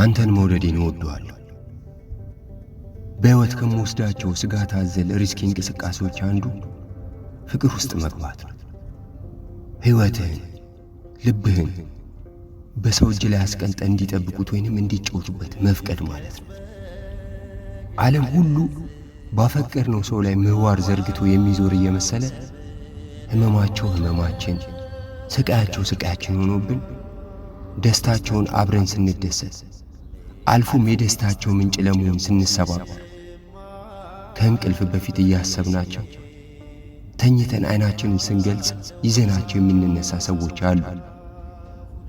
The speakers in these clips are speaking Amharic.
አንተን መውደዴን እወደዋለሁ። በሕይወት ከምወስዳቸው ስጋት አዘል ሪስኪ እንቅስቃሴዎች አንዱ ፍቅር ውስጥ መግባት ነው። ሕይወትህን፣ ልብህን በሰው እጅ ላይ አስቀንጠ እንዲጠብቁት ወይንም እንዲጫወቱበት መፍቀድ ማለት ነው። ዓለም ሁሉ ነው ሰው ላይ ምህዋር ዘርግቶ የሚዞር እየመሰለ ህመማቸው ህመማችን ስቃያቸው ስቃያችን ሆኖብን ደስታቸውን አብረን ስንደሰት አልፎም የደስታቸው ምንጭ ለመሆን ስንሰባበር ከእንቅልፍ በፊት እያሰብናቸው ተኝተን ዐይናችንን ስንገልጽ ይዘናቸው የምንነሳ ሰዎች አሉ።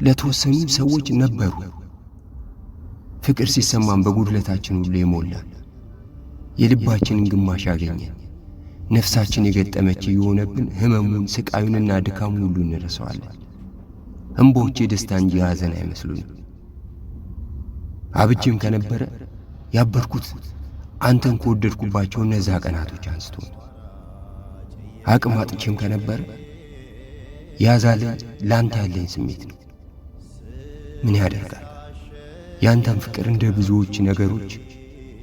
ለተወሰኑ ሰዎች ነበሩ። ፍቅር ሲሰማን በጉድለታችን ሁሉ የሞላ የልባችንን ግማሽ ያገኘን ነፍሳችን የገጠመች የሆነብን ሕመሙን ስቃዩንና ድካሙን ሁሉ እንረሰዋለን። እምባዎች የደስታ እንጂ አይመስሉንም። አብጄም ከነበረ ያበድኩት አንተን ከወደድኩባቸው እነዛ ቀናቶች አንስቶ አቅም አጥቼም ከነበረ ያዛለ ለአንተ ያለኝ ስሜት ነው። ምን ያደርጋል ያንተን ፍቅር እንደ ብዙዎች ነገሮች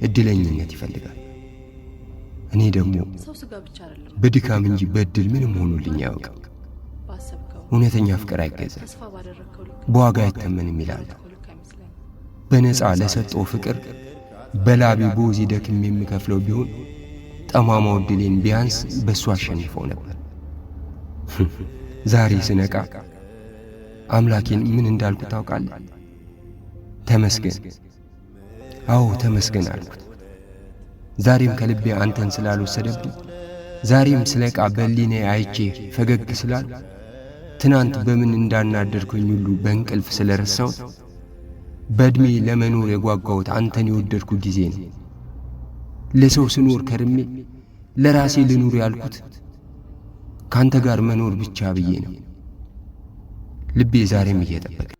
እድለኝነት ይፈልጋል። እኔ ደግሞ በድካም እንጂ በእድል ምንም ሆኖልኝ አያውቅም። እውነተኛ ፍቅር አይገዛም፣ በዋጋ አይተመንም ይላሉ። በነፃ ለሰጠው ፍቅር በላቢ ቦዚ ደክም የሚከፍለው ቢሆን ጠማማው ድሌን ቢያንስ በእሱ አሸንፈው ነበር። ዛሬ ስነቃ አምላኬን ምን እንዳልኩ ታውቃለ? ተመስገን። አዎ ተመስገን አልኩት። ዛሬም ከልቤ አንተን ስላልወሰደብኝ፣ ዛሬም ስነቃ በሊኔ አይቼ ፈገግ ስላል፣ ትናንት በምን እንዳናደርኩኝ ሁሉ በእንቅልፍ ስለረሳሁት በዕድሜ ለመኖር የጓጓሁት አንተን የወደድኩ ጊዜ ነው። ለሰው ስኖር ከርሜ ለራሴ ልኑር ያልኩት ካንተ ጋር መኖር ብቻ ብዬ ነው። ልቤ ዛሬም እየጠበቀ